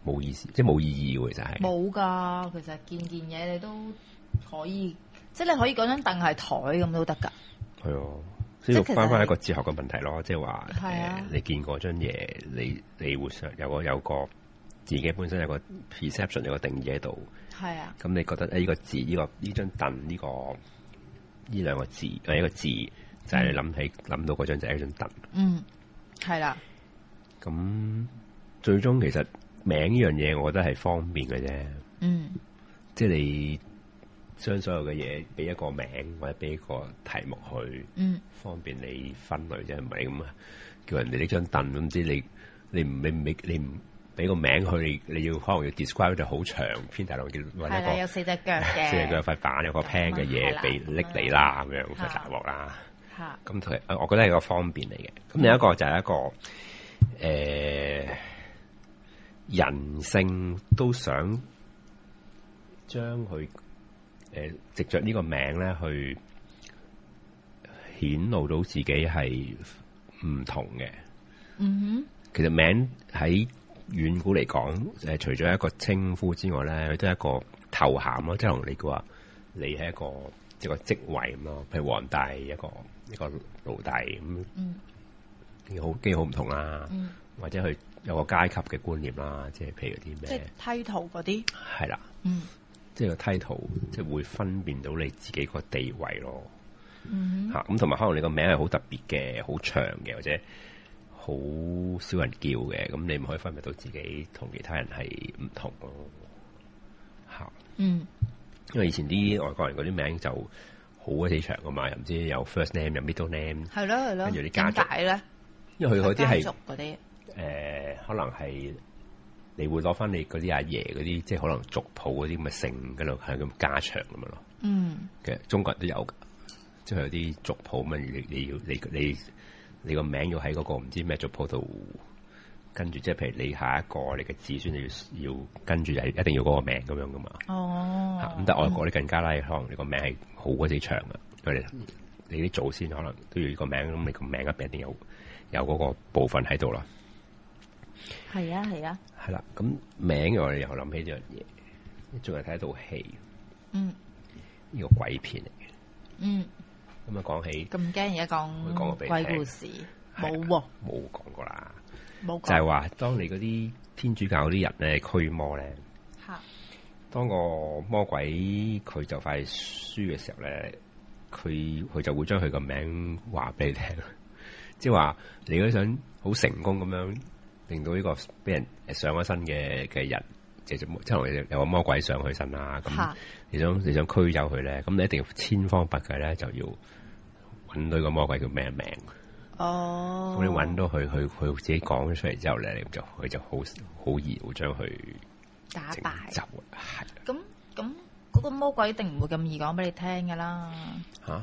冇意思，即係冇意義喎，其實係冇㗎。其實件件嘢你都可以，即係你可以嗰張凳係枱咁都得㗎。係啊，所以其實返返一個哲學嘅問題咯，即係話，係啊、就是 uh,，你見嗰張嘢，你你會上有個有個自己本身有個 perception、嗯、有個定義喺度，係啊。咁你覺得呢個字呢、這個呢張凳呢、這個呢兩個字或者一個字，就係、是、你諗起諗到嗰張就係一張凳。嗯，係啦。咁、就是嗯、最終其實。名呢樣嘢，我覺得係方便嘅啫。嗯，即係你將所有嘅嘢俾一個名或者俾一個題目去，嗯，方便你分類啫，唔係咁啊？叫人哋拎張凳，唔知你你唔你你唔俾個名去，你要可能要 describe 就好長篇大論，叫揾一個、嗯、有四隻腳嘅，四隻腳塊板有個平嘅嘢俾拎你啦，咁、嗯嗯、樣塊雜啦。吓、嗯，咁同，我覺得係個方便嚟嘅。咁另一個就係一個誒。啊人性都想將佢誒，藉着、呃、呢個名咧，去顯露到自己係唔同嘅。嗯哼，其實名喺遠古嚟講，誒、呃，除咗一個稱呼之外咧，佢都係一個頭銜咯，即係同你估話，你係一個即係個職位咁咯。譬如皇帝一個一個奴隸咁，好幾好唔同啊，嗯、或者去。有個階級嘅觀念啦，即係譬如啲咩，即係梯圖嗰啲，係啦，嗯，即係個梯圖，即係會分辨到你自己個地位咯，嗯，咁同埋可能你個名係好特別嘅、好長嘅，或者好少人叫嘅，咁你唔可以分辨到自己同其他人係唔同咯，嚇、啊，嗯，因為以前啲外國人嗰啲名就好鬼死長㗎嘛，又唔知有 first name 又 middle name，係咯係咯，跟住你家族咧，因為佢嗰啲係家族嗰啲。誒、呃，可能係你會攞翻你嗰啲阿爺嗰啲，即係可能族譜嗰啲咁嘅姓，嗰度係咁加長咁樣咯。嗯，其實中國人都有噶，即係有啲族譜咁啊你你，你，你，你要你你你個名要喺嗰個唔知咩族譜度跟住，即係譬如你下一個你嘅子孫，你要要跟住就一定要嗰個名咁樣噶嘛。哦，咁但係外國啲更加啦，嗯、可能你個名係好鬼死長噶。佢哋你啲祖先可能都要個名咁，你個名一,一定有有嗰個部分喺度啦。係啊，係啊，係啦。咁名我哋又諗起呢樣嘢，仲係睇一套戲，嗯，呢個鬼片嚟嘅。嗯。咁啊，講起咁驚而家講鬼故事，冇冇講過啦，冇。就係話當你嗰啲天主教嗰啲人咧驅魔咧，吓，啊，當個魔鬼佢就快輸嘅時候咧，佢佢就會將佢個名話俾你聽，即係話你如果想好成功咁樣。令到呢個俾人上咗身嘅嘅人，即係即係，有有個魔鬼上去身啦。咁、啊、你想你想驅走佢咧，咁你一定要千方百計咧，就要揾到個魔鬼叫咩名。哦，咁你揾到佢，佢佢自己講出嚟之後咧，你就佢就好好易會將佢打敗走。係、啊。咁咁嗰個魔鬼一定唔會咁易講俾你聽噶啦。吓，係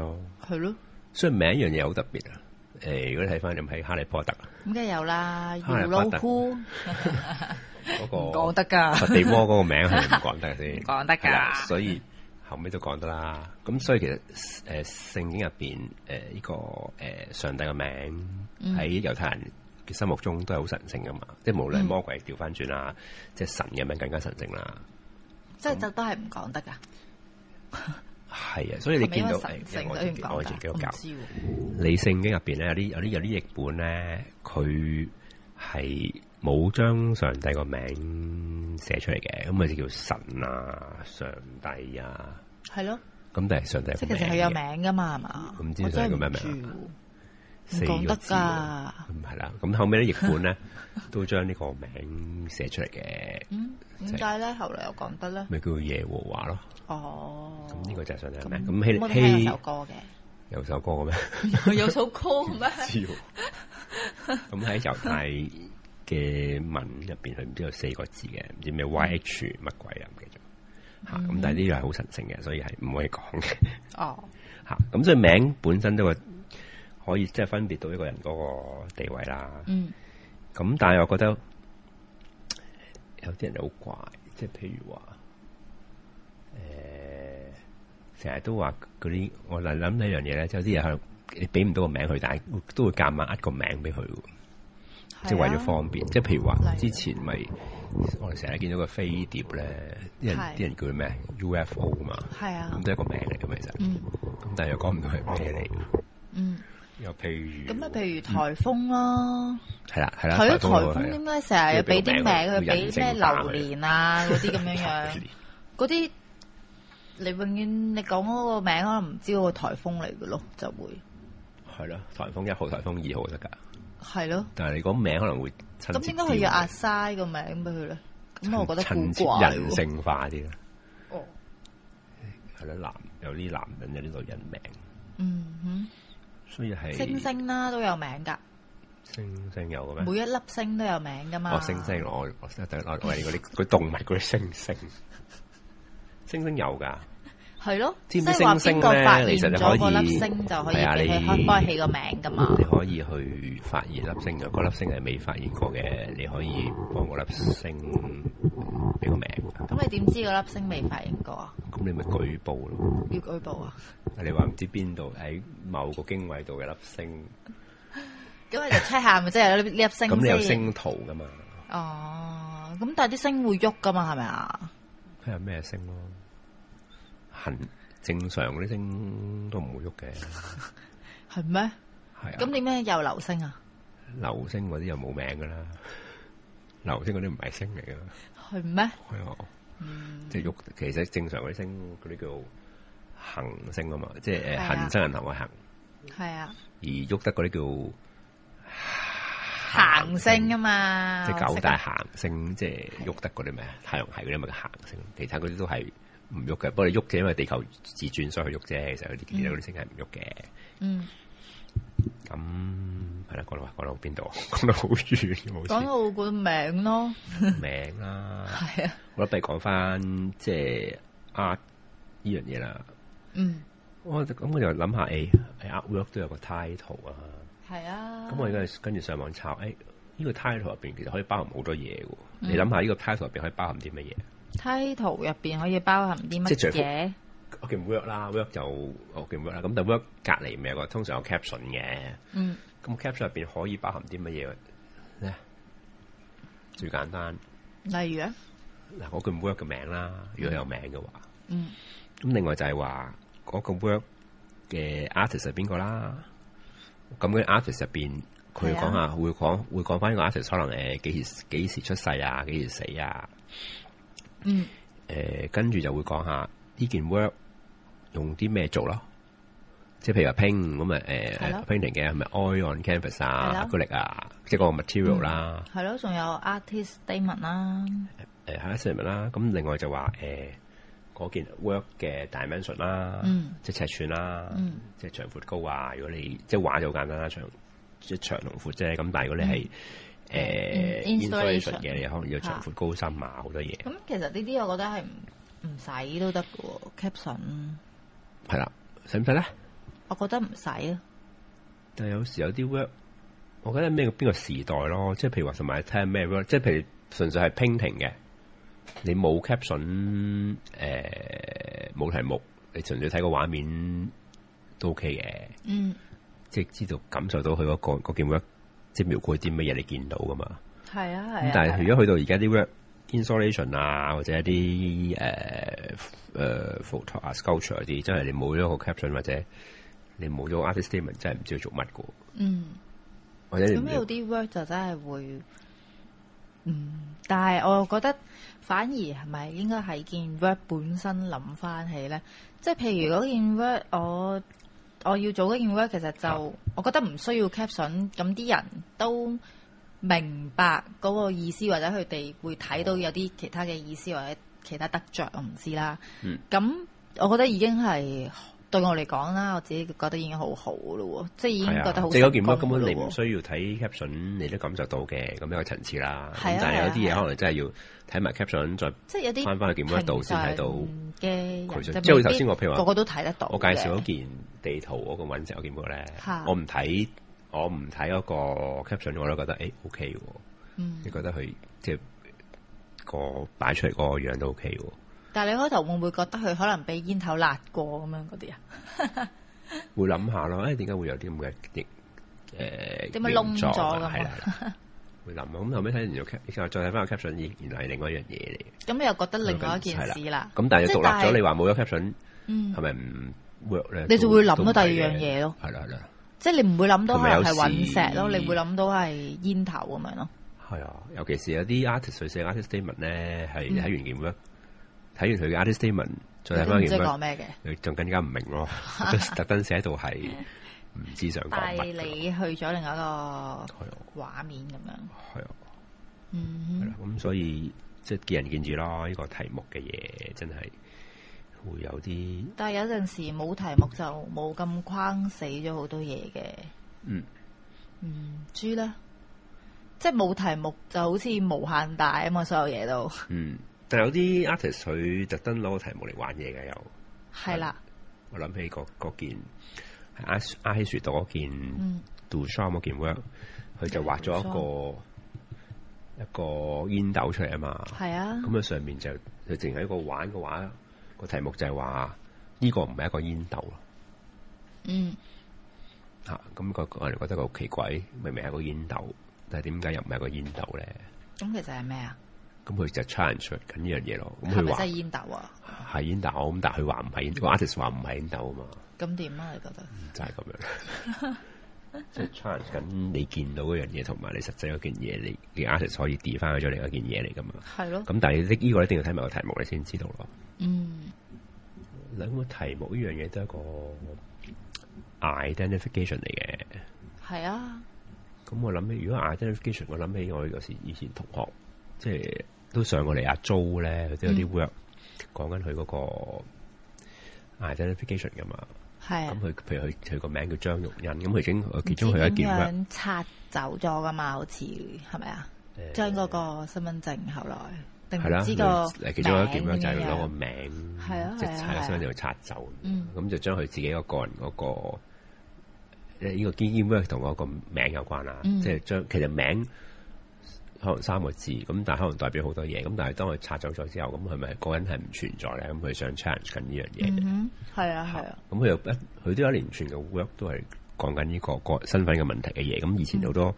啊，係咯、哦。所以名一樣嘢好特別啊。誒，如果你睇翻你唔係哈利波特，咁梗係有啦。哈利波特嗰、 <laughs> 那個講得噶，佛地魔嗰個名係唔講得先，講得噶。所以後尾都講得啦。咁所以其實誒，聖、呃、經入邊誒呢個誒、呃、上帝嘅名喺猶太人嘅心目中都係好神聖噶嘛。嗯、即係無論魔鬼掉翻轉啊，嗯、即係神嘅名字更加神聖啦。即係就都係唔講得噶。 <laughs> 係啊，所以你見到，是是因為我我、哎、自己都教，你聖、嗯、經入邊咧有啲有啲有啲譯本咧，佢係冇將上帝個名寫出嚟嘅，咁咪就叫神啊上帝啊，係咯，咁但係上帝的名字、就是、其實係有名噶嘛，係嘛？我真係唔知叫咩名。講得噶，咁係啦，咁後尾咧譯本咧都將呢個名寫出嚟嘅。嗯，點解咧？後嚟又講得咧？咪叫耶和華咯？哦，咁、嗯、呢、這個就係想聽咩？咁希希有首歌嘅，有首歌嘅咩？有首歌咩？咁喺猶太嘅文入邊，佢 <laughs> 唔知道有四個字嘅，唔知咩 Y H 乜鬼啊？唔記得吓。咁、嗯嗯、但係呢個係好神聖嘅，所以係唔可以講嘅。哦，吓 <laughs> 咁、嗯、所以名本身都係。可以即係分別到一個人嗰個地位啦。嗯。咁但係我覺得有啲人又好怪，即係譬如話，誒成日都話嗰啲，我嚟諗呢一樣嘢咧，有啲嘢係你俾唔到名字個名佢，但係都會夾硬呃個名俾佢，即係為咗方便。即係譬如話之前咪我哋成日見到一個飛碟咧，啲、啊、人啲人叫佢咩 UFO 啊嘛，係啊，咁都係個名嚟嘅其實，咁但係又講唔到係咩嚟。嗯。咁啊，啊，、嗯、啊，啊，譬如颱風咯，係啦，係啦。佢啲颱風點解成日要俾啲名？佢俾咩榴蓮啊嗰啲咁樣樣，嗰 <laughs> 啲你永遠你講嗰個名字可能唔知道個颱風嚟嘅咯，就會係啦，颱風一號、颱風二號得㗎，係咯。但係你講名字可能會親切啲。咁應該要 assign 個名俾佢咧，咁我覺得人性化啲咯。哦，係啦，男有啲男人有啲女人名。星星啦都有名噶，星星有噶咩？每一粒星都有名噶嘛？哦，星星我我等我我哋嗰啲嗰啲動物嗰啲星星，星星有噶。係咯，即係話邊個發現咗粒星，星就可以去幫佢起個名噶嘛。你可以去發現粒星嘅，嗰粒星係未發現過嘅，你可以幫嗰粒星俾個名。咁你點知嗰粒星未發現過啊？咁你咪舉報咯。要舉報啊？你話唔知邊度喺某個經緯度嘅粒星，咁 <laughs> 啊就 check 下咪 <laughs> 即係呢粒星。咁你有星圖噶嘛？哦、啊，咁但係啲星會喐噶嘛？係咪啊？佢係咩星咯？恆正常嗰啲星都唔會喐嘅，係咩？係。咁點解又流星啊？流星嗰啲又冇名噶啦，流星嗰啲唔係星嚟噶。係咩？係啊。即係喐，其實正常嗰啲星嗰啲叫恆星啊嘛，即係誒恆生銀行嘅恆。係啊。而喐得嗰啲叫行星啊嘛。即係九大行星，即係喐得嗰啲咩啊？太陽系嗰啲咪叫行星，其他嗰啲都係。唔喐嘅，不過你喐嘅，因為地球自轉，所以佢喐啫。其實有啲其他嗰啲星係唔喐嘅。嗯，咁係啦，講到話講到邊度？講到好遠，講到個名咯，名啦，係啊。我哋講翻即係 work 呢樣嘢啦。嗯，我咁我就諗下，誒、欸，work 都有個 title 啊。係啊。咁我而家跟住上網查，誒、欸，呢、這個 title 入邊其實可以包含好多嘢嘅，嗯。你諗下呢個 title 入邊可以包含啲乜嘢？梯圖入邊可以包含啲乜嘢？我唔 work 啦，work 就我唔 work 啦。咁但 work 隔籬咪有個通常有 caption 嘅。嗯。咁 caption 入邊可以包含啲乜嘢咧？最簡單。例如咧。嗱，我唔 work 嘅名啦，如果有名嘅話。嗯。咁另外就係話嗰個 work 嘅 artist 係邊個啦？咁嘅 artist 入邊，佢講下會講會講翻呢個 artist 可能誒幾時幾時出世啊，幾時死啊？嗯，跟、呃、住就會講下呢件 work 用啲咩做咯，即係譬如話 paint 咁，painting 嘅係咪 oil on canvas 嗰、啊、力啊，即係個 material 啦、啊。係、嗯、咯，仲有 artist statement 啦、啊，誒 artist statement 啦。咁另外就話嗰、呃、件 work 嘅 dimension 啦、啊嗯，即尺寸啦、啊嗯，即係長闊高啊。如果你即係畫就好簡單啦，長即係長同闊啫。咁但係如果你係誒 installation 嘅嘢，可能要長闊、高深啊，好多嘢、嗯。咁其實呢啲我覺得係唔唔使都得嘅喎 caption。係啦，使唔使咧？我覺得唔使啊。但有時有啲 work，我覺得咩邊個時代咯？即係譬如話，同埋睇咩 work？即係譬如純粹係 painting 嘅，你冇 caption，誒、呃、冇題目，你純粹睇個畫面都 OK 嘅。嗯。即係知道感受到佢嗰、嗰個嗰件 work。即係描述啲乜嘢你見到噶嘛？係啊，係。咁但係如果去到而家啲 work installation 啊，或者一啲誒誒 photo 啊、sculpture、呃、啲、呃，真係你冇咗個 caption 或、嗯、或者你冇咗 artist statement，真係唔知要做乜噶。嗯。咁有啲 work 就真係會，嗯，但係我又覺得反而係咪應該係件 work 本身諗翻起咧？即、就、係、是、譬如嗰件 work 我。我要做嘅件 work 咧，其實就、啊、我覺得唔需要 caption，咁啲人都明白嗰個意思，或者佢哋會睇到有啲其他嘅意思或者其他得着，我唔知啦。嗯，咁我覺得已經係。對我嚟講啦，我自己覺得已經好好咯喎，即係已經覺得好好得即係有件乜，根本你唔需要睇 caption，你都感受到嘅咁樣個層次啦。但係有啲嘢可能真係要睇埋 caption 再翻翻去件乜度先睇到嘅。即係頭先我譬如話，個個都睇得到我介紹嗰件地圖嗰個揾石嘅件乜咧，我唔睇我唔睇嗰個 caption，我都覺得誒、欸、OK 喎。你、嗯、覺得佢即係個擺出嚟個樣都 OK 喎。但係你開頭會唔會覺得佢可能俾煙頭辣過咁樣嗰啲啊？ <laughs> 會諗下咯，哎，點解會有啲咁嘅，誒，點解窿咗噶？樣凹凹樣對對對 <laughs> 會諗，咁後尾睇完又、那個、再睇翻個 caption，原，原來係另外一樣嘢嚟。咁你又覺得另外一件事啦。咁但係獨立咗，你話冇咗 caption，係咪唔 work 呢？你就會諗到第二樣嘢咯。係啦係啦，即係、就是、你唔會諗到可能係隕石咯，你會諗到係煙頭咁樣咯。係啊，尤其是有啲 artist 寫 artist statement 咧，係喺原件咁、嗯睇完佢嘅 artist statement，再睇翻講咩嘅，你仲更加唔明咯。 <laughs> 特登寫到度係唔知道想講乜。帶 <laughs> 你去咗另外一個畫面咁樣。係啊，嗯，咁所以即係見仁見智咯。呢、這個題目嘅嘢真係會有啲。但係有陣時冇題目就冇咁框死咗好多嘢嘅。嗯，嗯，豬咧，即係冇題目就好似無限大啊嘛，所有嘢都。嗯。但有啲 artist 佢特登攞個題目嚟玩嘢嘅，又係啦。的我諗起嗰件係阿希阿希雪度嗰件 Duchamp 嗰件 work，佢就畫咗一個、嗯、一個一個煙斗出嚟啊嘛。係啊，咁啊上面就就淨係一個玩嘅畫，個題目就係話呢個唔係一個煙斗。嗯，嚇、啊、咁、那個我哋覺得好奇怪，明明係個煙斗，但係點解又唔係個煙斗咧？咁其實係咩啊？咁佢就 challenge 緊呢樣嘢咯。係咪真係煙斗啊？係煙斗，咁但佢話唔係，artist 話唔係煙斗啊嘛。咁、嗯、點、嗯、啊？你覺得？就係、是、咁樣。即係 challenge 緊你見到嗰樣嘢，同埋你實際嗰件嘢，你你 artist 可以 deal 翻佢做另一件嘢嚟噶嘛？係咯。咁但係呢個你一定要睇埋個題目，你先知道咯。嗯。兩個題目呢樣嘢都係一個 identification 嚟嘅。係啊。咁我諗起如果 identification，我諗起我嗰時以前同學。即係都上過嚟阿租 o 咧，佢有啲 work 講緊佢嗰個 identification 噶嘛。係、嗯。咁佢譬如佢佢個名叫張玉欣，咁佢已經其中佢一件點樣拆走咗噶嘛？好似係咪啊？將嗰、欸、個身份證後來係啦。咁其中一件咧就攞個名、嗯，即係拆咗身份證就拆走。咁、嗯嗯、就將佢自己個個人嗰、那個誒呢、這個基因 work 同我個名有關啦、嗯。即係將其實名。可能三個字咁，但係可能代表好多嘢。咁但係當佢拆走咗之後，咁係咪個人係唔存在咧？咁佢想 change 緊呢樣嘢嘅，係啊係啊。咁佢又不，佢都一連串嘅 work 都係講緊呢個個身份嘅問題嘅嘢。咁以前好多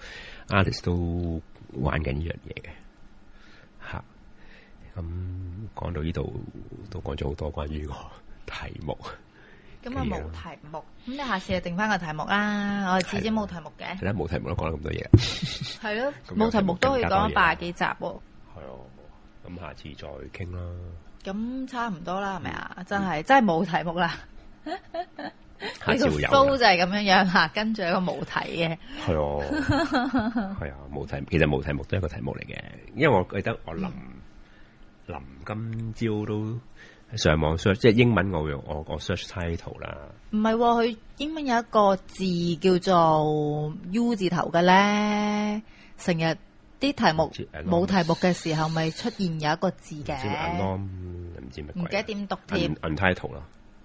artist 都玩緊呢樣嘢嘅。咁、啊嗯啊嗯嗯嗯嗯嗯、講到呢度都講咗好多關於個題目。咁啊冇題目，咁你下次就定翻個題目啦。我哋次次都冇題目嘅。而家冇題目都講咗咁多嘢，係咯，冇題目都可以講八十幾集，哦。係哦，咁下次再傾啦。咁差唔多啦，係咪啊？真係真係冇題目啦。 <laughs> 下次會有， <laughs> 就係咁樣樣吓，跟住一個冇題嘅。係哦，係啊，冇題，其實冇題目都係一個題目嚟嘅。因為我記得我臨臨、嗯、今朝都。上網 search 即係英文，我用我我 search title 啦。唔係，佢英文有一個字叫做 U 字頭嘅咧。成日啲題目冇題目嘅時候，咪出現有一個字嘅。Untitled，唔知乜鬼，唔記得點讀添。Untitled 啦，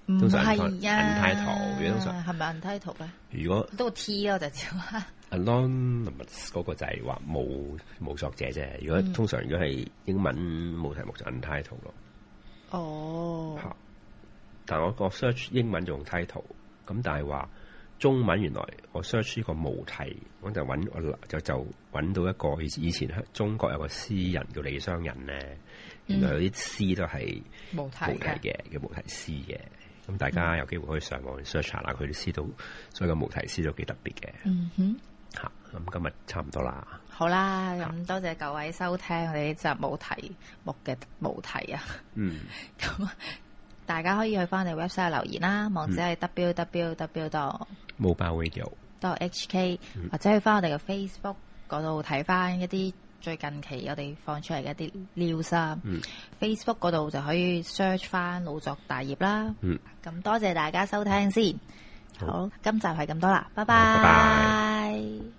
唔係啊 Untitled。w n 通常係咪 Untitled 如果都 T 咯，就照。u n k n o 嗰個就係話冇冇作者啫。如果通常如果係英文冇題目就 Untitled 咯。哦、oh.，但係我個 search 英文仲用 title，咁但係話中文原來我 search 呢個無題，我就揾我就就揾到一個以前中國有個詩人叫李商隱咧，mm. 原來有啲詩都係無題嘅叫無題詩嘅，咁大家有機會可以上網 search 查下佢啲詩都，所以個無題詩都幾特別嘅。嗯哼。好、嗯，咁今日差唔多啦。好啦，咁、嗯嗯、多謝各位收聽我哋呢集冇題目嘅無題啊。嗯，咁 <laughs> 大家可以去翻我哋 website 留言啦，網址係 www. 無霸 radio.hk、嗯、或者去翻我哋嘅 Facebook 度睇翻一啲最近期我哋放出嚟嘅一啲 news 啊、嗯。Facebook 度就可以 search 翻腦作大業啦。嗯，咁多謝大家收聽先。嗯好，好，今集係咁多啦，拜拜。拜拜拜拜。